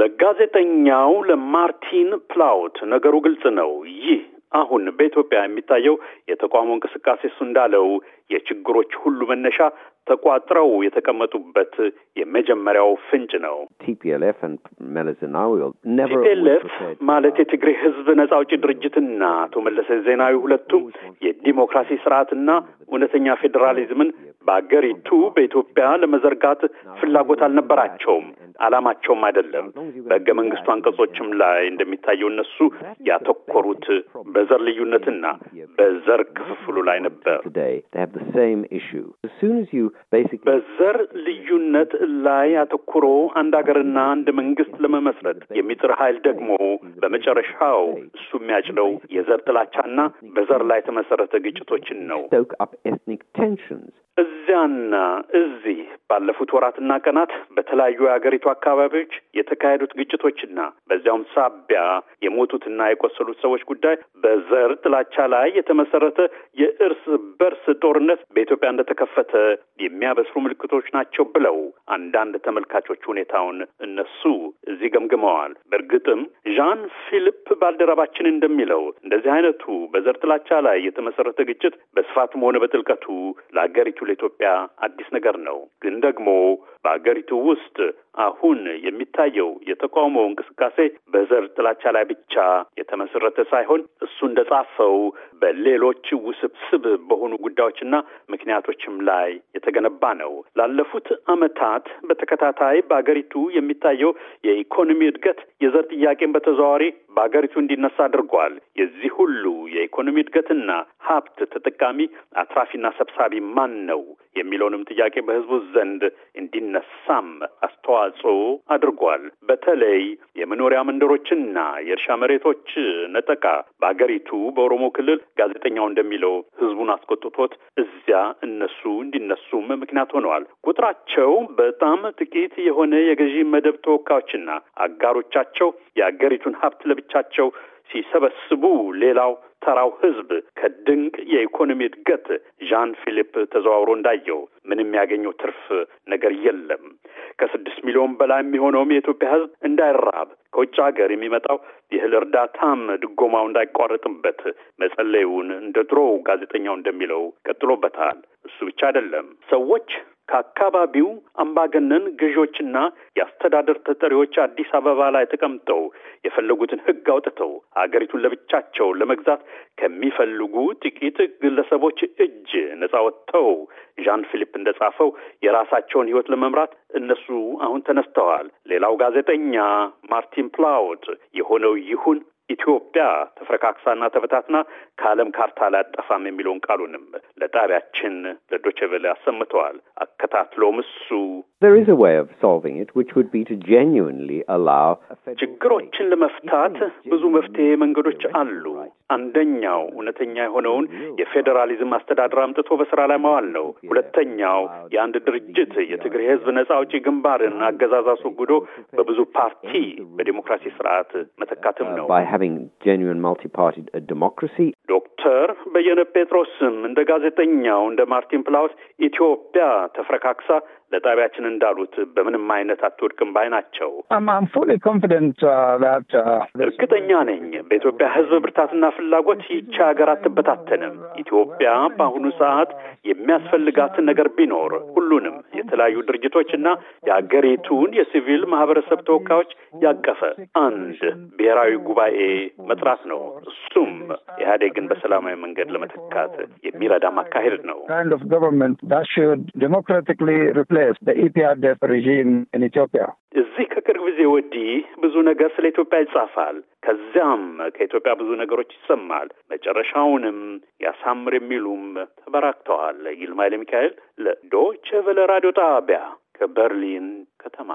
ለጋዜጠኛው ለማርቲን ፕላውት ነገሩ ግልጽ ነው። ይህ አሁን በኢትዮጵያ የሚታየው የተቋሙ እንቅስቃሴ እሱ እንዳለው የችግሮች ሁሉ መነሻ ተቋጥረው የተቀመጡበት የመጀመሪያው ፍንጭ ነው። ቲፒኤልኤፍ ማለት የትግሬ ሕዝብ ነጻ አውጪ ድርጅትና አቶ መለስ ዜናዊ ሁለቱም የዲሞክራሲ ስርዓትና እውነተኛ ፌዴራሊዝምን በአገሪቱ በኢትዮጵያ ለመዘርጋት ፍላጎት አልነበራቸውም፣ አላማቸውም አይደለም። በህገ መንግስቱ አንቀጾችም ላይ እንደሚታየው እነሱ ያተኩ ያተኮሩት በዘር ልዩነትና በዘር ክፍፍሉ ላይ ነበር። በዘር ልዩነት ላይ አተኩሮ አንድ ሀገርና አንድ መንግስት ለመመስረት የሚጥር ኃይል ደግሞ በመጨረሻው እሱ የሚያጭለው የዘር ጥላቻና በዘር ላይ የተመሰረተ ግጭቶችን ነው። እዚያና እዚህ ባለፉት ወራትና ቀናት በተለያዩ የአገሪቱ አካባቢዎች የተካሄዱት ግጭቶችና በዚያውም ሳቢያ የሞቱትና የቆሰሉት ሰዎች ጉዳይ በዘር ጥላቻ ላይ የተመሰረተ የእርስ በርስ ጦርነት በኢትዮጵያ እንደተከፈተ የሚያበስሩ ምልክቶች ናቸው ብለው አንዳንድ ተመልካቾች ሁኔታውን እነሱ እዚህ ገምግመዋል። በእርግጥም ዣን ፊሊፕ ባልደረባችን እንደሚለው እንደዚህ አይነቱ በዘር ጥላቻ ላይ የተመሰረተ ግጭት በስፋትም ሆነ በጥልቀቱ ለአገሪቱ ለኢትዮጵያ አዲስ ነገር ነው። ግን ደግሞ በአገሪቱ ውስጥ አሁን የሚታየው የተቃውሞ እንቅስቃሴ በዘር ጥላቻ ላይ ብቻ የተመሰረ የተመሰረተ ሳይሆን እሱ እንደጻፈው በሌሎች ውስብስብ በሆኑ ጉዳዮችና ምክንያቶችም ላይ የተገነባ ነው። ላለፉት ዓመታት በተከታታይ በአገሪቱ የሚታየው የኢኮኖሚ እድገት የዘር ጥያቄን በተዘዋዋሪ በአገሪቱ እንዲነሳ አድርጓል። የዚህ ሁሉ የኢኮኖሚ እድገትና ሀብት ተጠቃሚ አትራፊና ሰብሳቢ ማን ነው የሚለውንም ጥያቄ በህዝቡ ዘንድ እንዲነሳም አስተዋጽኦ አድርጓል። በተለይ የመኖሪያ መንደሮችና የእርሻ መሬቶች ነጠቃ በአገሪቱ በኦሮሞ ክልል ጋዜጠኛው እንደሚለው ህዝቡን አስቆጥቶት እዚያ እነሱ እንዲነሱም ምክንያት ሆነዋል። ቁጥራቸው በጣም ጥቂት የሆነ የገዢ መደብ ተወካዮችና አጋሮቻቸው የአገሪቱን ሀብት ለብቻቸው ሲሰበስቡ ሌላው ተራው ህዝብ ከድንቅ የኢኮኖሚ እድገት ዣን ፊሊፕ ተዘዋውሮ እንዳየው ምንም ያገኘው ትርፍ ነገር የለም። ከስድስት ሚሊዮን በላይ የሚሆነውም የኢትዮጵያ ህዝብ እንዳይራብ ከውጭ ሀገር የሚመጣው የእህል እርዳታም ድጎማው እንዳይቋረጥበት መጸለዩን እንደ ድሮው ጋዜጠኛው እንደሚለው ቀጥሎበታል። እሱ ብቻ አይደለም ሰዎች ከአካባቢው አምባገነን ገዢዎችና የአስተዳደር ተጠሪዎች አዲስ አበባ ላይ ተቀምጠው የፈለጉትን ሕግ አውጥተው አገሪቱን ለብቻቸው ለመግዛት ከሚፈልጉ ጥቂት ግለሰቦች እጅ ነጻ ወጥተው ዣን ፊሊፕ እንደጻፈው የራሳቸውን ሕይወት ለመምራት እነሱ አሁን ተነስተዋል። ሌላው ጋዜጠኛ ማርቲን ፕላውድ የሆነው ይሁን ኢትዮጵያ ተፈረካክሳና ተበታትና ከዓለም ካርታ አላጠፋም የሚለውን ቃሉንም ለጣቢያችን ለዶቼ ቬለ አሰምተዋል። አከታትሎም እሱ There is a way of solving it, which would be to genuinely allow ችግሮችን ለመፍታት ብዙ መፍትሄ መንገዶች አሉ። አንደኛው እውነተኛ የሆነውን የፌዴራሊዝም አስተዳደር አምጥቶ በስራ ላይ ማዋል ነው። ሁለተኛው የአንድ ድርጅት የትግራይ ህዝብ ነጻ አውጪ ግንባርን አገዛዝ አስወግዶ በብዙ ፓርቲ በዲሞክራሲ ስርዓት መተካትም ነው። ዶክተር በየነ ጴጥሮስም እንደ ጋዜጠኛው እንደ ማርቲን ፕላውስ ኢትዮጵያ ተፍረካክሳ ለጣቢያችን እንዳሉት በምንም አይነት አትወድቅም ባይ ናቸው። uh, uh, እርግጠኛ ነኝ በኢትዮጵያ ሕዝብ ብርታትና ፍላጎት ይቺ ሀገር አትበታተንም። ኢትዮጵያ በአሁኑ ሰዓት የሚያስፈልጋትን ነገር ቢኖር ሁሉንም የተለያዩ ድርጅቶችና የአገሪቱን የሲቪል ማህበረሰብ ተወካዮች ያቀፈ አንድ ብሔራዊ ጉባኤ መጥራት ነው። እሱም ኢህአዴግን በሰላማዊ መንገድ ለመተካት የሚረዳ ማካሄድ ነው። replace the ሬጂም regime in እዚህ ከቅርብ ጊዜ ወዲህ ብዙ ነገር ስለ ኢትዮጵያ ይጻፋል። ከዚያም ከኢትዮጵያ ብዙ ነገሮች ይሰማል። መጨረሻውንም ያሳምር የሚሉም ተበራክተዋል። ይልማ ሚካኤል ቬለ ራዲዮ ጣቢያ ከበርሊን ከተማ